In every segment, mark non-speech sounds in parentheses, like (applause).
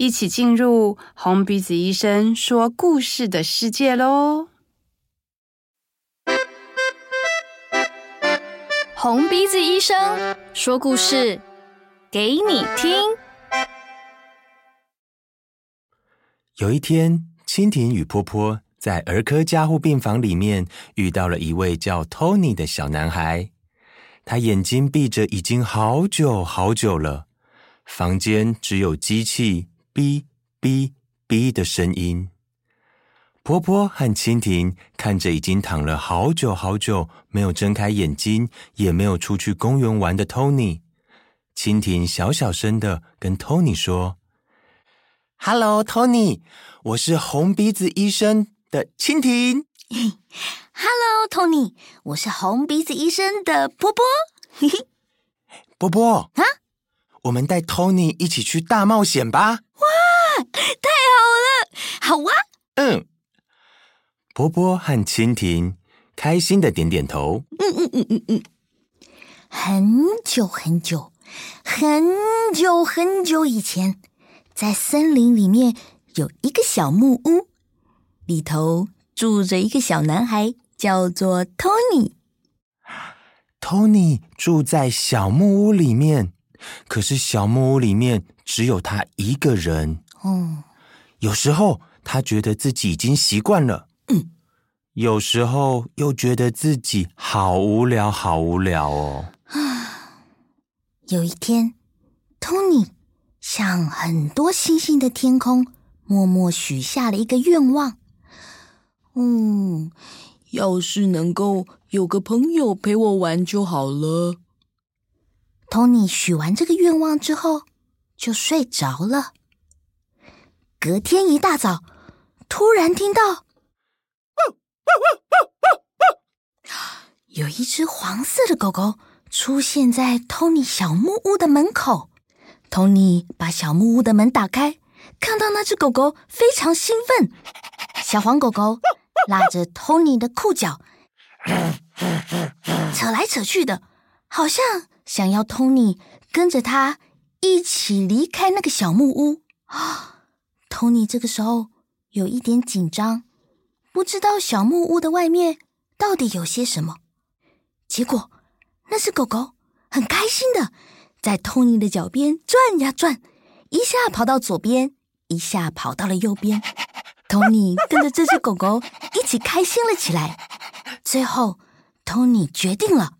一起進入紅鼻子醫生說故事的世界嘍！紅鼻子醫生說故事給你聽。有一天，蜻蜓與波波在兒科加護病房裡面遇到了一位叫 Tony 的小男孩，他眼睛閉着已經好久好久了，房間只有機器。嗶嗶嗶的聲音，波波和蜻蜓看着已經躺了好久好久，沒有睜開眼睛，也沒有出去公園玩的托尼。蜻蜓小小聲的跟托尼說：“Hello，托尼，我是紅鼻子醫生的蜻蜓。 (laughs) ”“Hello，托尼，我是紅鼻子醫生的波波 (laughs) 波波。”“波波啊，我們帶托尼一起去大冒險吧。”哇，太好了！好啊，嗯，波波和蜻蜓開心地點點頭。嗯嗯嗯嗯嗯。很久很久，很久很久以前，在森林裡面有一個小木屋，裡頭住着一個小男孩，叫做 TONY。TONY 住在小木屋裡面。可是小木屋裡面只有他一個人哦。嗯，有時候他覺得自己已經習慣了，嗯，有時候又覺得自己好無聊，好無聊哦。啊，有一天，托尼向很多星星的天空默默許下了一個願望。嗯，要是能夠有個朋友陪我玩就好了。TONY 許完這個願望之後，就睡着了。隔天一大早，突然聽到，有一隻黃色的狗狗出現在 TONY 小木屋的門口。TONY 把小木屋的門打開，看到那隻狗狗非常興奮。小黃狗狗拉着 TONY 的褲腳，扯來扯去的，好像，想要託尼跟着他一起離開那個小木屋啊！哦，託尼這個時候有一點緊張，不知道小木屋的外面到底有些什麼。結果那隻狗狗，很開心的在託尼的腳邊轉呀轉，一下跑到左邊，一下跑到了右邊。託尼跟着這隻狗狗一起開心了起來。最後，託尼決定了。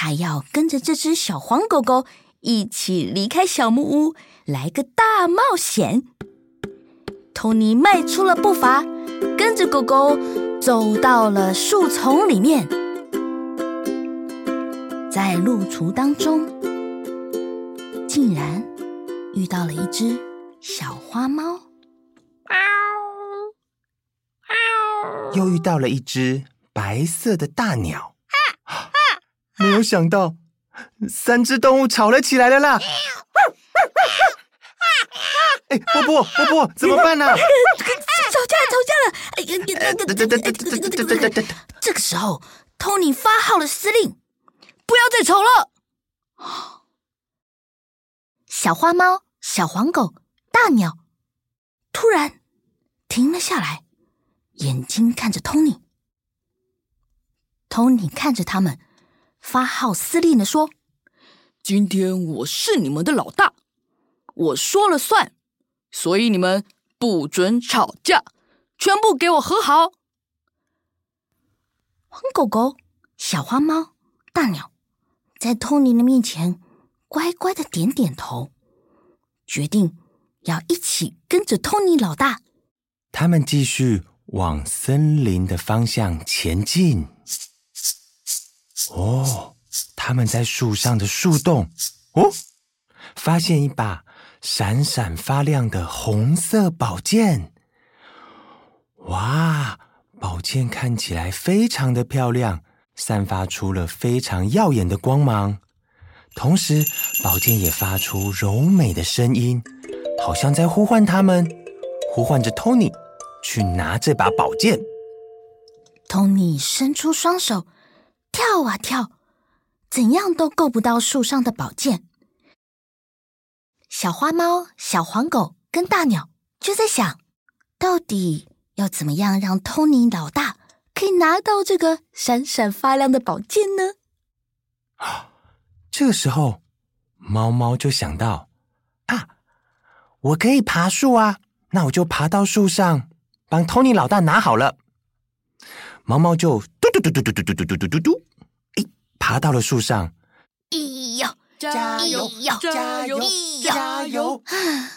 他要跟着這只小黃狗狗一起離開小木屋，來個大冒險。托尼邁出了步伐，跟着狗狗走到了樹叢裡面，在路途當中，竟然遇到了一只小花貓，又遇到了一只白色的大鳥。 (noise) hmm. 故事沒有想到，三只動物吵了起來了啦！哎、欸，波波波波，怎麼辦呢、啊啊 (noise) 啊？吵架了，吵架了！這個這個時候，托尼發號了司令，不要再吵了。小花貓、小黃狗、大鳥突然停了下來，眼睛看着托尼，托尼看着他們。發號施令的說：“今天我是你們的老大，我說了算，所以你們不准吵架，全部給我和好。”黃狗狗、小花貓、大鳥在托尼的面前乖乖的點點頭，決定要一起跟着托尼老大。他們繼續往森林的方向前進。哦。他們在樹上的樹洞哦，發現一把閃閃發亮的紅色寶劍。哇，寶劍看起來非常的漂亮，散發出了非常耀眼的光芒。同時，寶劍也發出柔美的聲音，好像在呼喚他們，呼喚着 TONY 去拿這把寶劍。TONY 伸出雙手，跳啊跳。怎樣都夠不到樹上的寶劍，小花貓、小黃狗跟大鳥就在想，到底要怎麼樣讓 TONY 老大可以拿到這個閃閃發亮的寶劍呢？這個時候，貓貓就想到：啊，我可以爬樹啊！那我就爬到樹上，幫 TONY 老大拿好了。貓貓就嘟嘟嘟嘟嘟嘟嘟嘟嘟嘟嘟。爬到了樹上，加油！加油！加油！加油！啊，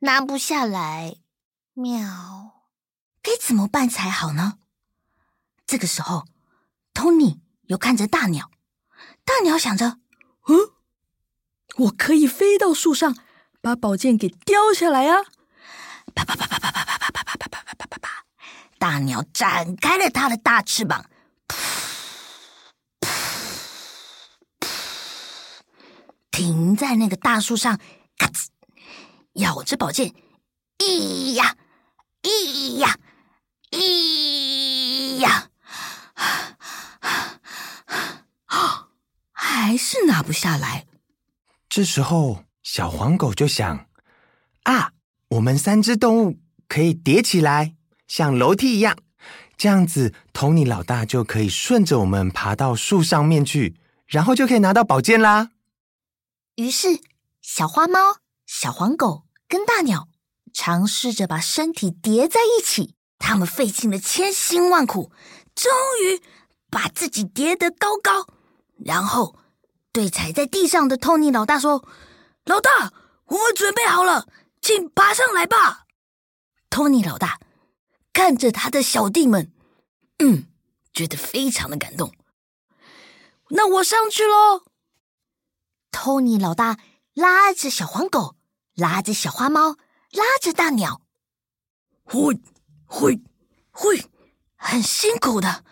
拿不下來，喵，該怎麼辦才好呢？這個時候，托尼又看着大鳥，大鳥想着：“嗯，我可以飛到樹上，把寶劍給叼下來啊！”啪啪啪啪啪啪啪啪啪啪啪啪啪啪啪啪，大鳥展開了它的大翅膀。噗。停在那個大樹上，咔嚓！咬着寶劍，咿呀，咿呀，咿呀，還是拿不下來。這時候，小黃狗就想：啊，我們三隻動物可以疊起來，像樓梯一樣，這樣子，托尼老大就可以順着我們爬到樹上面去，然後就可以拿到寶劍啦。於是，小花貓、小黃狗跟大鳥嘗試着把身體疊在一起。他們費盡了千辛萬苦，終於把自己疊得高高，然後對踩在地上的托尼老大說：“老大，我們準備好了，請爬上來吧。”托尼老大看着他的小弟們，嗯，覺得非常的感動。那我上去嘍。托尼老大拉着小黃狗，拉着小花貓，拉着大鳥，嘿嘿嘿，很辛苦的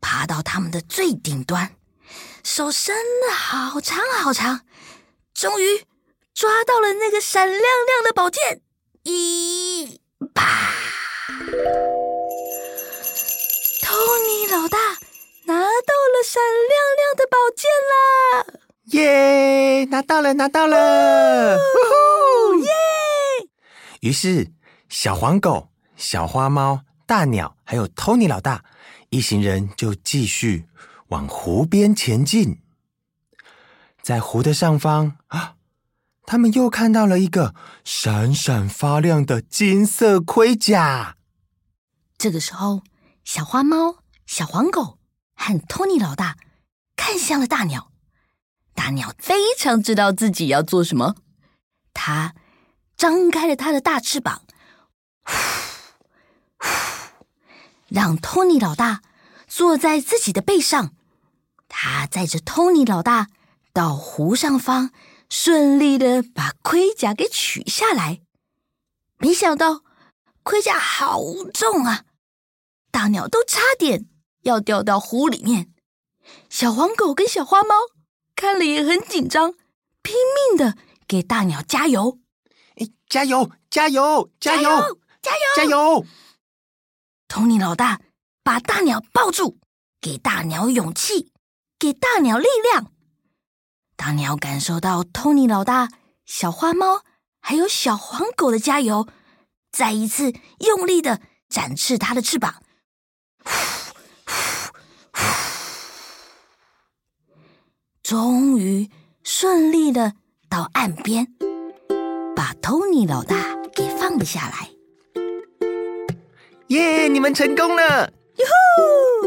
爬到他們的最頂端，手伸得好長好長，終於抓到了那個閃亮亮的寶劍！咦啪，托尼老大拿到了閃亮亮的寶劍啦！耶！拿到了，拿到了！哦吼！呼呼！耶！於是，小黃狗、小花貓、大鳥還有 TONY 老大一行人就繼續往湖邊前進。在湖的上方啊，他們又看到了一個閃閃發亮的金色盔甲。這個時候，小花貓、小黃狗和 TONY 老大看向了大鳥。大鳥非常知道自己要做什麼，它張開了它的大翅膀，呼呼，讓托尼老大坐在自己的背上。它載着托尼老大到湖上方，順利的把盔甲給取下來。沒想到盔甲好重啊！大鳥都差點要掉到湖裡面。小黃狗跟小花貓，看了也很緊張，拼命的給大鳥加油、哎！加油！加油！加油！加油！加油！托尼老大把大鳥抱住，給大鳥勇氣，給大鳥力量。大鳥感受到托尼老大、小花貓還有小黃狗的加油，再一次用力的展翅，它的翅膀。終於順利的到岸邊，把托尼老大給放了下來。耶！Yeah, 你們成功了！喲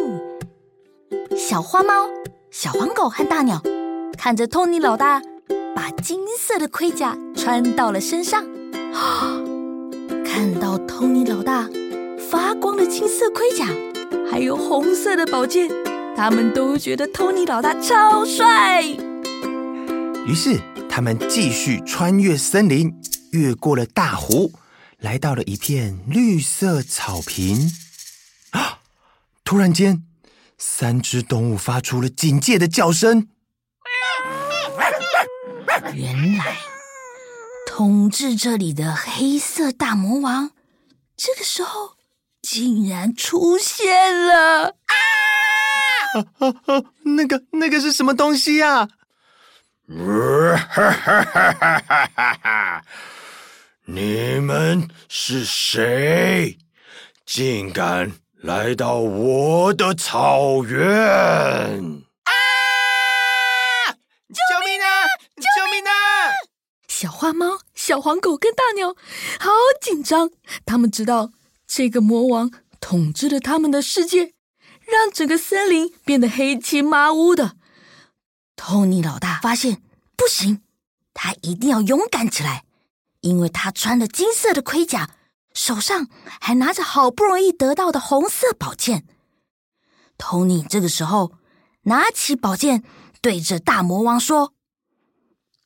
吼！小花貓、小黃狗和大鳥看着托尼老大把金色的盔甲穿到了身上，哦，看到托尼老大發光的金色盔甲，還有紅色的寶劍。他們都覺得托尼老大超帥，於是他們繼續穿越森林，越過了大湖，來到了一片綠色草坪。啊！突然間，三隻動物發出了警戒的叫聲。原來，統治這裡的黑色大魔王，這個時候竟然出現了。啊啊啊、那個、那個是什麼東西呀、啊？ (laughs) 你們是誰？竟敢來到我的草原！啊！救命啊！救命啊！小花貓、小黃狗跟大鳥，好緊張！他們知道這個魔王統治了他們的世界。讓整個森林變得黑漆麻烏的。TONY 老大發現不行，他一定要勇敢起來，因為他穿了金色的盔甲，手上還拿着好不容易得到的紅色寶劍。TONY 這個時候拿起寶劍，對着大魔王說：“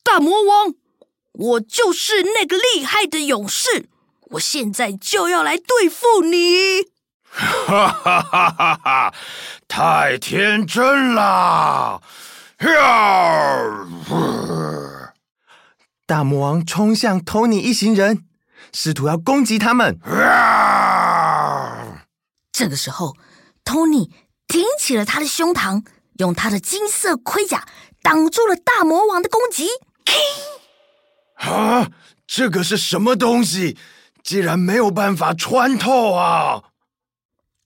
大魔王，我就是那個厲害的勇士，我現在就要來對付你。”哈，哈哈哈哈，太天真了！大魔王衝向托尼一行人，試圖要攻擊他們。這個時候，托尼挺起了他的胸膛，用他的金色盔甲擋住了大魔王的攻擊。啊，這個是什麼東西？竟然沒有辦法穿透啊！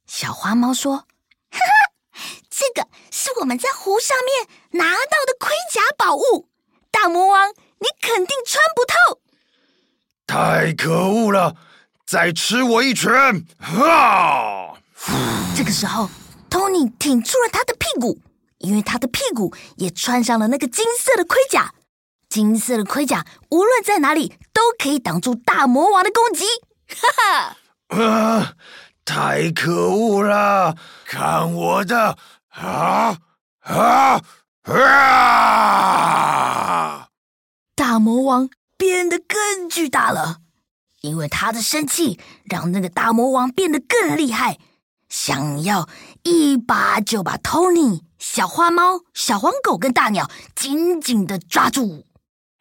小花貓說哈哈：“這個是我們在湖上面拿到的盔甲寶物，大魔王你肯定穿不透。”太可惡了！再吃我一拳！啊！這個時候，TONY 挺出了他的屁股，因為他的屁股也穿上了那個金色的盔甲。金色的盔甲無論在哪裡都可以擋住大魔王的攻擊。哈哈！啊！太可惡了！看我的！啊啊啊！啊，大魔王變得更巨大了，因為他的生氣讓那個大魔王變得更厲害，想要一把就把托尼、小花貓、小黃狗跟大鳥緊緊的抓住。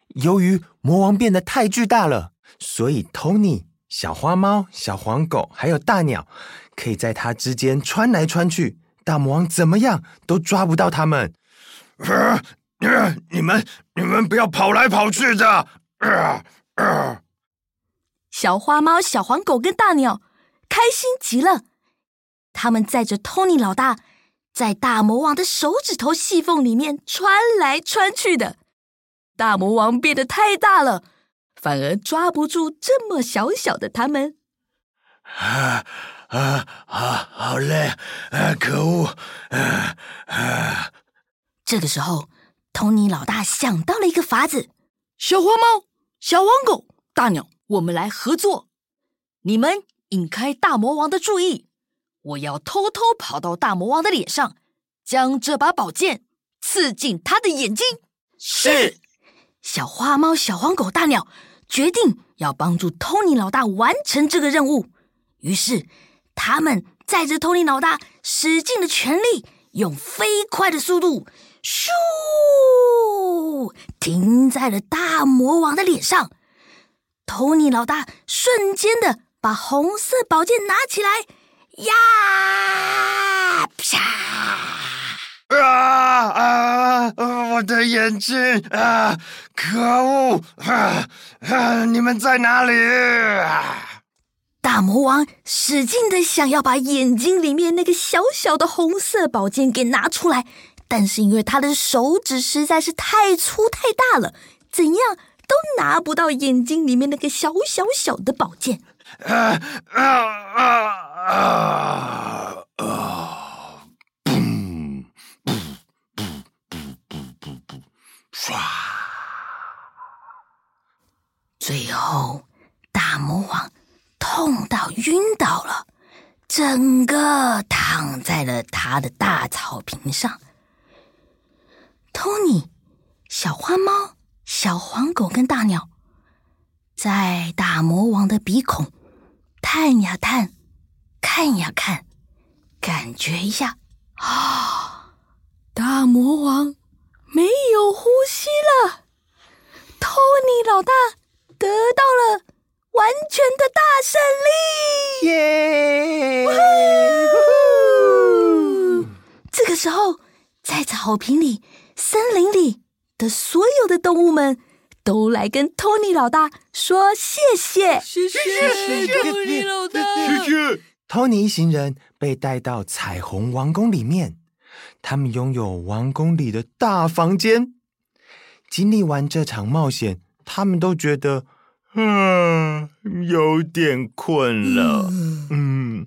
由於魔王變得太巨大了，所以托尼。小花貓、小黃狗還有大鳥，可以在它之間穿來穿去。大魔王怎麼樣都抓不到它們。啊、呃呃！你們、你們不要跑來跑去的。啊、呃、啊！呃、小花貓、小黃狗跟大鳥開心極了。他們載着 TONY 老大，在大魔王的手指頭細縫裡面穿來穿去的。大魔王變得太大了。反而抓不住這麼小小的他們。啊啊好，好累！啊，可惡！啊啊！這個時候，托尼老大想到了一個法子：小花貓、小黃狗、大鳥，我們來合作。你們引開大魔王的注意，我要偷偷跑到大魔王的臉上，將這把寶劍刺進他的眼睛。是，欸、小花貓、小黃狗、大鳥。決定要幫助托尼老大完成這個任務，於是他們載着托尼老大，使盡了全力，用飛快的速度，咻，停在了大魔王的臉上。托尼老大瞬間的把紅色寶劍拿起來，呀，啪！啊啊！我的眼睛啊！可惡、啊啊！你們在哪裡、啊？大魔王使勁的想要把眼睛裡面那個小小的紅色寶劍給拿出來，但是因為他的手指實在是太粗太大了，怎樣都拿不到眼睛裡面那個小小小的寶劍。啊啊啊啊。刷。最後，大魔王痛到暈倒了，整個躺在了他的大草坪上。托尼、小花貓、小黃狗跟大鳥在大魔王的鼻孔探呀探，看呀看，感覺一下，啊、哦！大魔王沒有呼吸了。托尼老大。完全的大勝利！耶 Yeah!！這個時候，在草坪裡、森林裡的所有的動物們，都來跟托尼老大說謝謝，謝謝托尼老大，謝謝。托尼一行人被帶到彩虹王宮裡面，他們擁有王宮裡的大房間。經歷完這場冒險，他們都覺得。嗯，有點困了。嗯，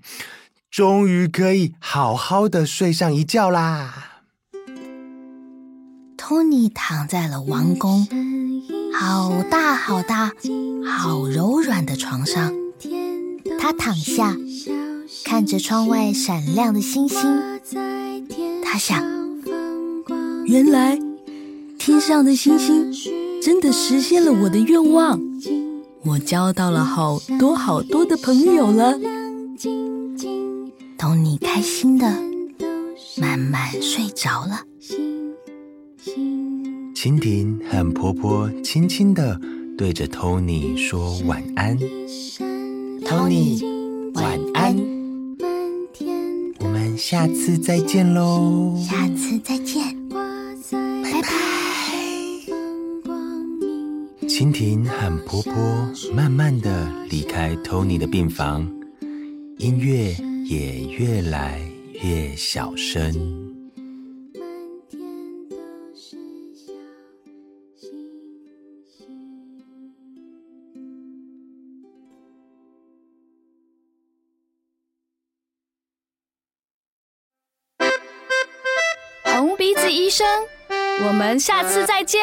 終於可以好好的睡上一覺啦。托尼躺在了王宮，好大好大、好柔軟的床上。他躺下，看着窗外閃亮的星星。他想，原來天上的星星真的實現了我的願望。我交到了好多好多的朋友了。托尼開心的慢慢睡着了。蜻蜓和波波輕輕的對着托尼說，晚安。托尼晚安。我們下次再見嘍。下次再見。蜻蜓和波波，慢慢的離開托尼的病房，音樂也越來越小聲。滿天都是小星星。紅鼻子醫生，我們下次再見。